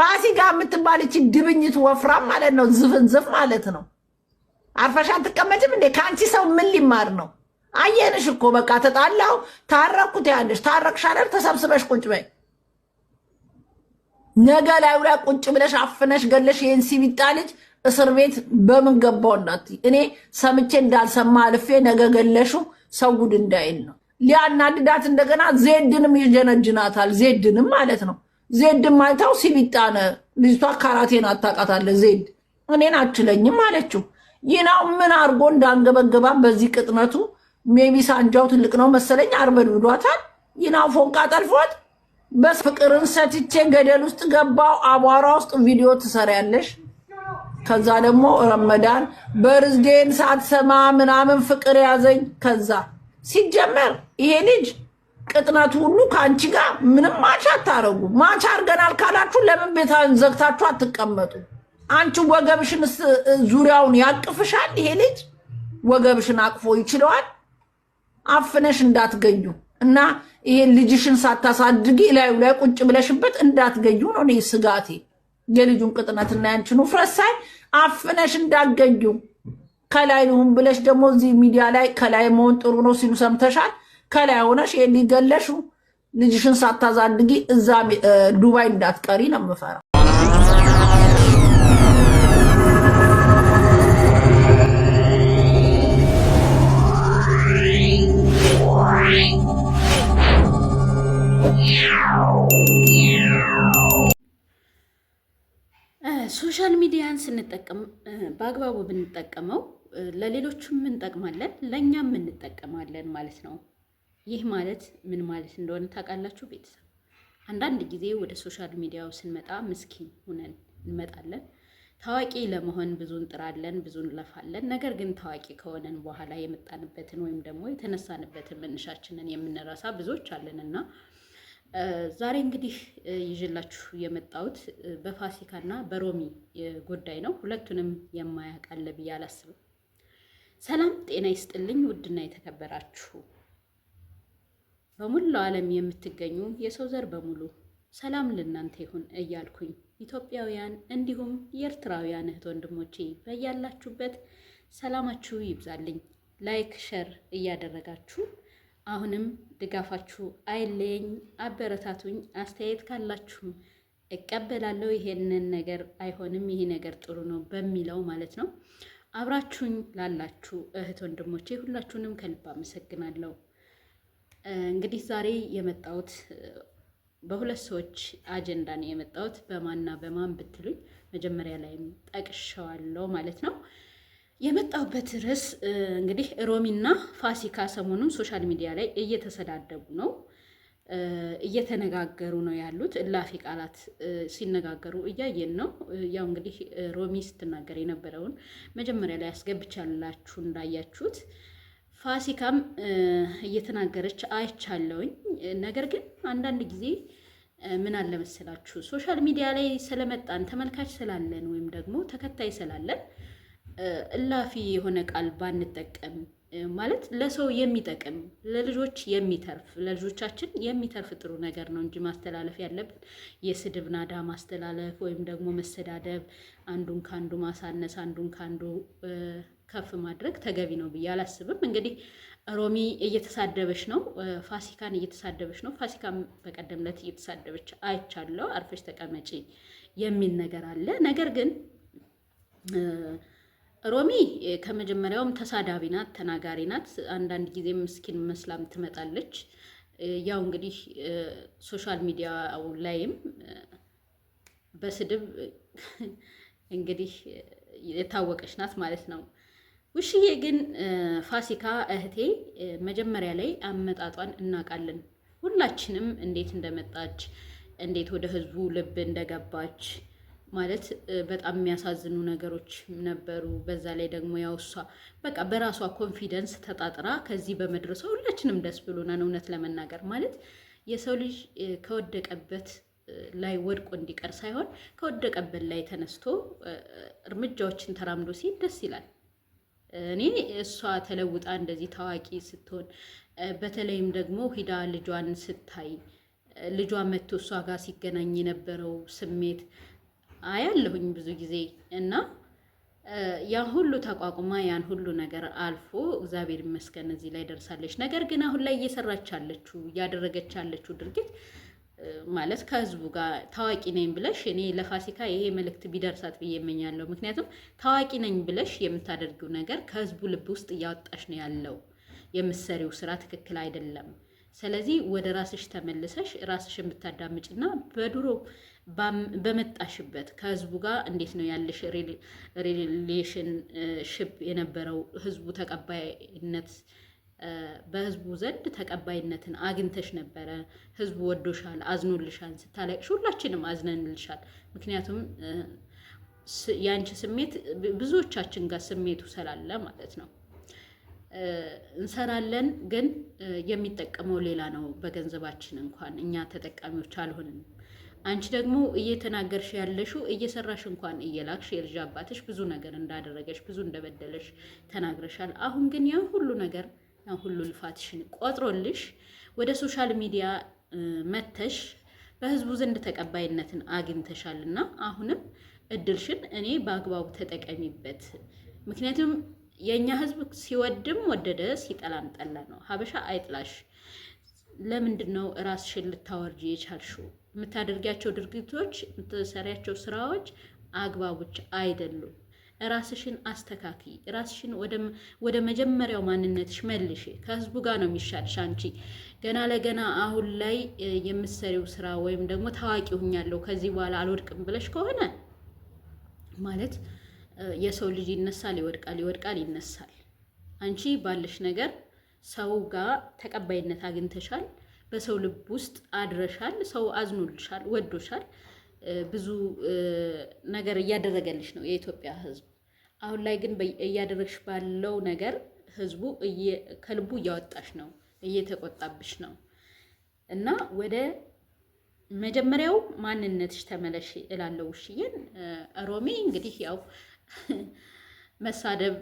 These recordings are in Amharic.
ፋሲካ የምትባል እቺ ድብኝት ወፍራም ማለት ነው። ዝፍንዝፍ ማለት ነው። አርፈሻ አትቀመጭም እንዴ? ከአንቺ ሰው ምን ሊማር ነው? አየንሽ እኮ በቃ ተጣላሁ፣ ታረቅኩት ያንሽ ታረቅሽ አይደል? ተሰብስበሽ ቁጭ በይ። ነገ ላዩ ላይ ቁጭ ብለሽ አፍነሽ ገለሽ ይህን ሲቢጣ ልጅ እስር ቤት በምን ገባው? እኔ ሰምቼ እንዳልሰማ አልፌ ነገ ገለሹ ሰው ጉድ እንዳይል ነው። ሊያናድዳት እንደገና ዜድንም ይጀነጅናታል። ዜድንም ማለት ነው ዜድ ማይታው ሲቢጣነ ልጅቷ ካራቴን አታቃታለ። ዜድ እኔን አችለኝም አለችው። ይናው ምን አድርጎ እንዳንገበገባ በዚህ ቅጥነቱ ሜቢ ሳንጃው ትልቅ ነው መሰለኝ። አርበድ ብዷታል። ይናው ፎንቃ ጠልፎት በፍቅርን ሰትቼ ገደል ውስጥ ገባው አቧራ ውስጥ ቪዲዮ ትሰሪያለሽ። ከዛ ደግሞ ረመዳን በርዝዴን ሳትሰማ ምናምን ፍቅር ያዘኝ። ከዛ ሲጀመር ይሄ ልጅ ቅጥነቱ ሁሉ ከአንቺ ጋር ምንም ማች አታረጉ። ማች አድርገናል ካላችሁ ለምን ቤታን ዘግታችሁ አትቀመጡ? አንቺ ወገብሽን ዙሪያውን ያቅፍሻል። ይሄ ልጅ ወገብሽን አቅፎ ይችለዋል። አፍነሽ እንዳትገኙ እና ይሄ ልጅሽን ሳታሳድጊ ላዩ ላይ ቁጭ ብለሽበት እንዳትገኙ ነው እኔ ስጋቴ። የልጁን ቅጥነትና ያንችን ውፍረት ሳይ አፍነሽ እንዳትገኙ ከላይ ልሁን ብለሽ ደግሞ እዚህ ሚዲያ ላይ ከላይ መሆን ጥሩ ነው ሲሉ ሰምተሻል። ከላይ ሆነሽ ይህን ገለሹ ልጅሽን ሳታዛድጊ እዛ ዱባይ እንዳትቀሪ ነው የምፈራው። ሶሻል ሚዲያን ስንጠቀም በአግባቡ ብንጠቀመው ለሌሎቹም እንጠቅማለን፣ ለእኛም እንጠቀማለን ማለት ነው። ይህ ማለት ምን ማለት እንደሆነ ታውቃላችሁ ቤተሰብ? አንዳንድ ጊዜ ወደ ሶሻል ሚዲያው ስንመጣ ምስኪን ሆነን እንመጣለን። ታዋቂ ለመሆን ብዙ እንጥራለን፣ ብዙ እንለፋለን። ነገር ግን ታዋቂ ከሆነን በኋላ የመጣንበትን ወይም ደግሞ የተነሳንበትን መነሻችንን የምንረሳ ብዙዎች አለን እና ዛሬ እንግዲህ ይዤላችሁ የመጣሁት በፋሲካና በሮሚ ጉዳይ ነው። ሁለቱንም የማያውቅ አለ ብዬ አላስብም። ሰላም ጤና ይስጥልኝ ውድና የተከበራችሁ በሙሉ ዓለም የምትገኙ የሰው ዘር በሙሉ ሰላም ለእናንተ ይሁን እያልኩኝ ኢትዮጵያውያን እንዲሁም የኤርትራውያን እህት ወንድሞቼ በያላችሁበት ሰላማችሁ ይብዛልኝ። ላይክ ሸር እያደረጋችሁ አሁንም ድጋፋችሁ አይለየኝ፣ አበረታቱኝ። አስተያየት ካላችሁ እቀበላለሁ። ይሄንን ነገር አይሆንም፣ ይሄ ነገር ጥሩ ነው በሚለው ማለት ነው። አብራችሁኝ ላላችሁ እህት ወንድሞቼ ሁላችሁንም ከልብ አመሰግናለሁ። እንግዲህ ዛሬ የመጣሁት በሁለት ሰዎች አጀንዳ ነው የመጣሁት። በማንና በማን ብትሉኝ መጀመሪያ ላይም ጠቅሸዋለሁ ማለት ነው። የመጣሁበት ርዕስ እንግዲህ ሮሚና ፋሲካ ሰሞኑን ሶሻል ሚዲያ ላይ እየተሰዳደቡ ነው፣ እየተነጋገሩ ነው ያሉት። እላፊ ቃላት ሲነጋገሩ እያየን ነው። ያው እንግዲህ ሮሚ ስትናገር የነበረውን መጀመሪያ ላይ አስገብቻላችሁ እንዳያችሁት ፋሲካም እየተናገረች አይቻለውኝ። ነገር ግን አንዳንድ ጊዜ ምን አለ መሰላችሁ ሶሻል ሚዲያ ላይ ስለመጣን ተመልካች ስላለን ወይም ደግሞ ተከታይ ስላለን እላፊ የሆነ ቃል ባንጠቀም ማለት ለሰው የሚጠቅም ለልጆች የሚተርፍ ለልጆቻችን የሚተርፍ ጥሩ ነገር ነው እንጂ ማስተላለፍ ያለብን የስድብ ናዳ ማስተላለፍ ወይም ደግሞ መሰዳደብ፣ አንዱን ከአንዱ ማሳነስ፣ አንዱን ከአንዱ ከፍ ማድረግ ተገቢ ነው ብዬ አላስብም። እንግዲህ ሮሚ እየተሳደበች ነው፣ ፋሲካን እየተሳደበች ነው። ፋሲካን በቀደም ዕለት እየተሳደበች አይቻለሁ። አርፈሽ ተቀመጪ የሚል ነገር አለ። ነገር ግን ሮሚ ከመጀመሪያውም ተሳዳቢ ናት፣ ተናጋሪ ናት። አንዳንድ ጊዜ ምስኪን መስላም ትመጣለች። ያው እንግዲህ ሶሻል ሚዲያው ላይም በስድብ እንግዲህ የታወቀች ናት ማለት ነው። ውሽዬ ግን ፋሲካ እህቴ መጀመሪያ ላይ አመጣጧን እናውቃለን ሁላችንም እንዴት እንደመጣች እንዴት ወደ ህዝቡ ልብ እንደገባች ማለት በጣም የሚያሳዝኑ ነገሮች ነበሩ። በዛ ላይ ደግሞ ያው እሷ በቃ በራሷ ኮንፊደንስ ተጣጥራ ከዚህ በመድረሷ ሁላችንም ደስ ብሎናል። እውነት ለመናገር ማለት የሰው ልጅ ከወደቀበት ላይ ወድቆ እንዲቀር ሳይሆን ከወደቀበት ላይ ተነስቶ እርምጃዎችን ተራምዶ ሲሄድ ደስ ይላል። እኔ እሷ ተለውጣ እንደዚህ ታዋቂ ስትሆን በተለይም ደግሞ ሂዳ ልጇን ስታይ ልጇ መቶ እሷ ጋር ሲገናኝ የነበረው ስሜት አያለሁኝ ብዙ ጊዜ እና ያን ሁሉ ተቋቁማ ያን ሁሉ ነገር አልፎ እግዚአብሔር ይመስገን እዚህ ላይ ደርሳለች። ነገር ግን አሁን ላይ እየሰራች ያለችው እያደረገች ያለችው ድርጊት ማለት ከህዝቡ ጋር ታዋቂ ነኝ ብለሽ እኔ ለፋሲካ ይሄ መልእክት ቢደርሳት ብዬ እመኛለሁ። ምክንያቱም ታዋቂ ነኝ ብለሽ የምታደርጊው ነገር ከህዝቡ ልብ ውስጥ እያወጣሽ ነው ያለው። የምትሰሪው ስራ ትክክል አይደለም። ስለዚህ ወደ ራስሽ ተመልሰሽ ራስሽ ብታዳምጭና በድሮ በመጣሽበት ከህዝቡ ጋር እንዴት ነው ያለሽ ሽፕ የነበረው ህዝቡ ተቀባይነት በህዝቡ ዘንድ ተቀባይነትን አግኝተሽ ነበረ። ህዝቡ ወዶሻል፣ አዝኖልሻል። ስታለቅሽ ሁላችንም አዝነንልሻል። ምክንያቱም የአንቺ ስሜት ብዙዎቻችን ጋር ስሜቱ ስላለ ማለት ነው። እንሰራለን ግን የሚጠቀመው ሌላ ነው። በገንዘባችን እንኳን እኛ ተጠቃሚዎች አልሆንም። አንቺ ደግሞ እየተናገርሽ ያለሽው እየሰራሽ እንኳን እየላክሽ የልጅ አባትሽ ብዙ ነገር እንዳደረገሽ ብዙ እንደበደለሽ ተናግረሻል። አሁን ግን ያ ሁሉ ነገር ሁሉ ልፋትሽን ቆጥሮልሽ ወደ ሶሻል ሚዲያ መተሽ በህዝቡ ዘንድ ተቀባይነትን አግኝተሻልና አሁንም እድልሽን እኔ በአግባቡ ተጠቀሚበት። ምክንያቱም የእኛ ህዝብ ሲወድም ወደደ ሲጠላም ጠላ ነው። ሀበሻ አይጥላሽ። ለምንድን ነው ራስሽን ልታወርጅ የቻልሽው? የምታደርጊያቸው ድርጊቶች፣ የምትሰሪያቸው ስራዎች አግባቦች አይደሉም። ራስሽን አስተካኪ፣ ራስሽን ወደ መጀመሪያው ማንነትሽ መልሽ። ከህዝቡ ጋር ነው የሚሻልሽ። አንቺ ገና ለገና አሁን ላይ የምትሰሪው ስራ ወይም ደግሞ ታዋቂ ሁኛለሁ ከዚህ በኋላ አልወድቅም ብለሽ ከሆነ ማለት የሰው ልጅ ይነሳል፣ ይወድቃል፣ ይወድቃል፣ ይነሳል። አንቺ ባለሽ ነገር ሰው ጋር ተቀባይነት አግኝተሻል። በሰው ልብ ውስጥ አድረሻል። ሰው አዝኖልሻል፣ ወዶሻል። ብዙ ነገር እያደረገልሽ ነው የኢትዮጵያ ህዝብ። አሁን ላይ ግን እያደረግሽ ባለው ነገር ህዝቡ ከልቡ እያወጣሽ ነው፣ እየተቆጣብሽ ነው። እና ወደ መጀመሪያው ማንነትሽ ተመለሽ እላለሁ። ውሽዬን ሮሚ እንግዲህ ያው መሳደብ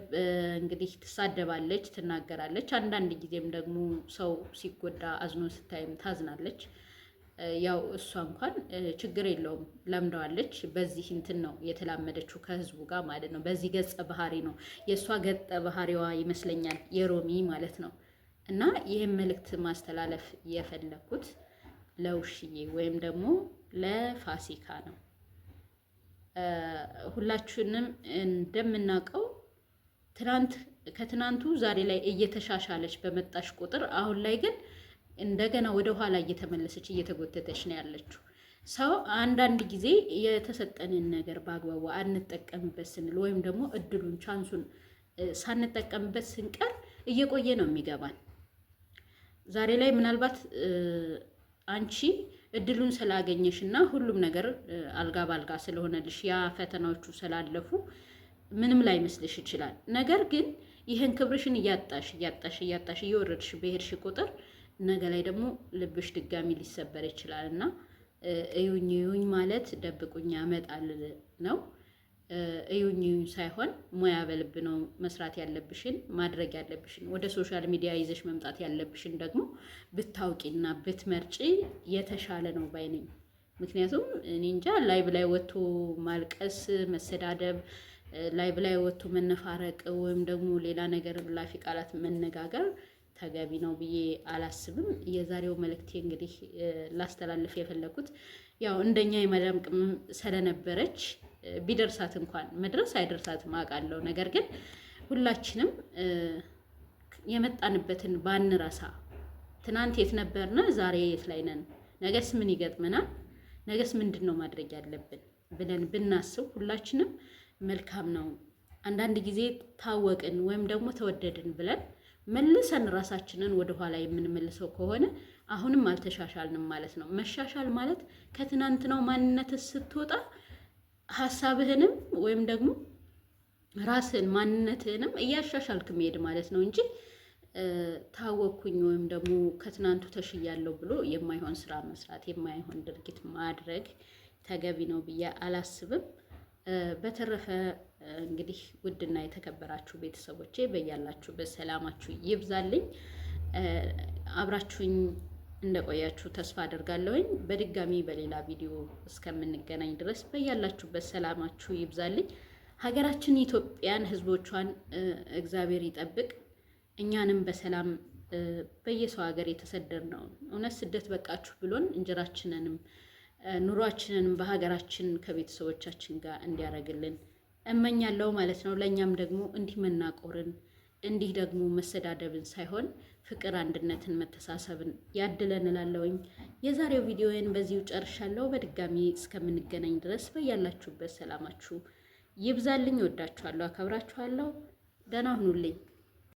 እንግዲህ ትሳደባለች፣ ትናገራለች። አንዳንድ ጊዜም ደግሞ ሰው ሲጎዳ አዝኖ ስታይም ታዝናለች። ያው እሷ እንኳን ችግር የለውም ለምደዋለች። በዚህ እንትን ነው የተላመደችው ከህዝቡ ጋር ማለት ነው። በዚህ ገጸ ባህሪ ነው የእሷ ገጠ ባህሪዋ ይመስለኛል የሮሚ ማለት ነው። እና ይህን መልእክት ማስተላለፍ የፈለኩት ለውሽዬ ወይም ደግሞ ለፋሲካ ነው። ሁላችንም እንደምናውቀው ትናንት ከትናንቱ ዛሬ ላይ እየተሻሻለች በመጣሽ ቁጥር አሁን ላይ ግን እንደገና ወደ ኋላ እየተመለሰች እየተጎተተች ነው ያለችው። ሰው አንዳንድ ጊዜ የተሰጠንን ነገር በአግባቡ አንጠቀምበት ስንል ወይም ደግሞ እድሉን ቻንሱን ሳንጠቀምበት ስንቀር እየቆየ ነው የሚገባን። ዛሬ ላይ ምናልባት አንቺ እድሉን ስላገኘሽ እና ሁሉም ነገር አልጋ ባልጋ ስለሆነልሽ ያ ፈተናዎቹ ስላለፉ ምንም ላይ መስልሽ ይችላል። ነገር ግን ይህን ክብርሽን እያጣሽ እያጣሽ እያጣሽ እየወረድሽ በሄድሽ ቁጥር ነገ ላይ ደግሞ ልብሽ ድጋሚ ሊሰበር ይችላል እና እዩኝ እዩኝ ማለት ደብቁኝ ያመጣል ነው። እዩኝ እዩኝ ሳይሆን ሙያ በልብ ነው መስራት ያለብሽን ማድረግ ያለብሽን ወደ ሶሻል ሚዲያ ይዘሽ መምጣት ያለብሽን ደግሞ ብታውቂና ብትመርጪ የተሻለ ነው ባይነኝ። ምክንያቱም እኔ እንጃ ላይ ወጥቶ ማልቀስ፣ መሰዳደብ፣ ላይቭ ላይ ወጥቶ መነፋረቅ ወይም ደግሞ ሌላ ነገር ላፊ ቃላት መነጋገር ተገቢ ነው ብዬ አላስብም። የዛሬው መልእክቴ እንግዲህ ላስተላልፍ የፈለኩት ያው እንደኛ የመዳም ቅመም ስለነበረች ቢደርሳት እንኳን መድረስ አይደርሳትም አውቃለሁ። ነገር ግን ሁላችንም የመጣንበትን ባንረሳ፣ ትናንት የት ነበርና ዛሬ የት ላይ ነን፣ ነገስ ምን ይገጥመናል፣ ነገስ ምንድን ነው ማድረግ ያለብን ብለን ብናስብ ሁላችንም መልካም ነው። አንዳንድ ጊዜ ታወቅን ወይም ደግሞ ተወደድን ብለን መልሰን ራሳችንን ወደኋላ የምንመልሰው ከሆነ አሁንም አልተሻሻልንም ማለት ነው። መሻሻል ማለት ከትናንትናው ማንነት ስትወጣ ሀሳብህንም ወይም ደግሞ ራስህን ማንነትህንም እያሻሻልክ መሄድ ማለት ነው እንጂ ታወኩኝ ወይም ደግሞ ከትናንቱ ተሽያለሁ ብሎ የማይሆን ስራ መስራት የማይሆን ድርጊት ማድረግ ተገቢ ነው ብዬ አላስብም። በተረፈ እንግዲህ ውድና የተከበራችሁ ቤተሰቦቼ በያላችሁበት ሰላማችሁ ይብዛልኝ። አብራችሁኝ እንደቆያችሁ ተስፋ አደርጋለሁኝ። በድጋሚ በሌላ ቪዲዮ እስከምንገናኝ ድረስ በያላችሁበት ሰላማችሁ ይብዛልኝ። ሀገራችን ኢትዮጵያን፣ ሕዝቦቿን እግዚአብሔር ይጠብቅ። እኛንም በሰላም በየሰው ሀገር ነው እውነት ስደት በቃችሁ ብሎን እንጀራችንንም ኑሯችንን በሀገራችን ከቤተሰቦቻችን ጋር እንዲያደርግልን እመኛለሁ ማለት ነው። ለእኛም ደግሞ እንዲህ መናቆርን እንዲህ ደግሞ መሰዳደብን ሳይሆን ፍቅር፣ አንድነትን፣ መተሳሰብን ያድለን እላለሁኝ። የዛሬው ቪዲዮዬን በዚሁ ጨርሻለሁ። በድጋሚ እስከምንገናኝ ድረስ በያላችሁበት ሰላማችሁ ይብዛልኝ። ወዳችኋለሁ፣ አከብራችኋለሁ። ደህና ሁኑልኝ።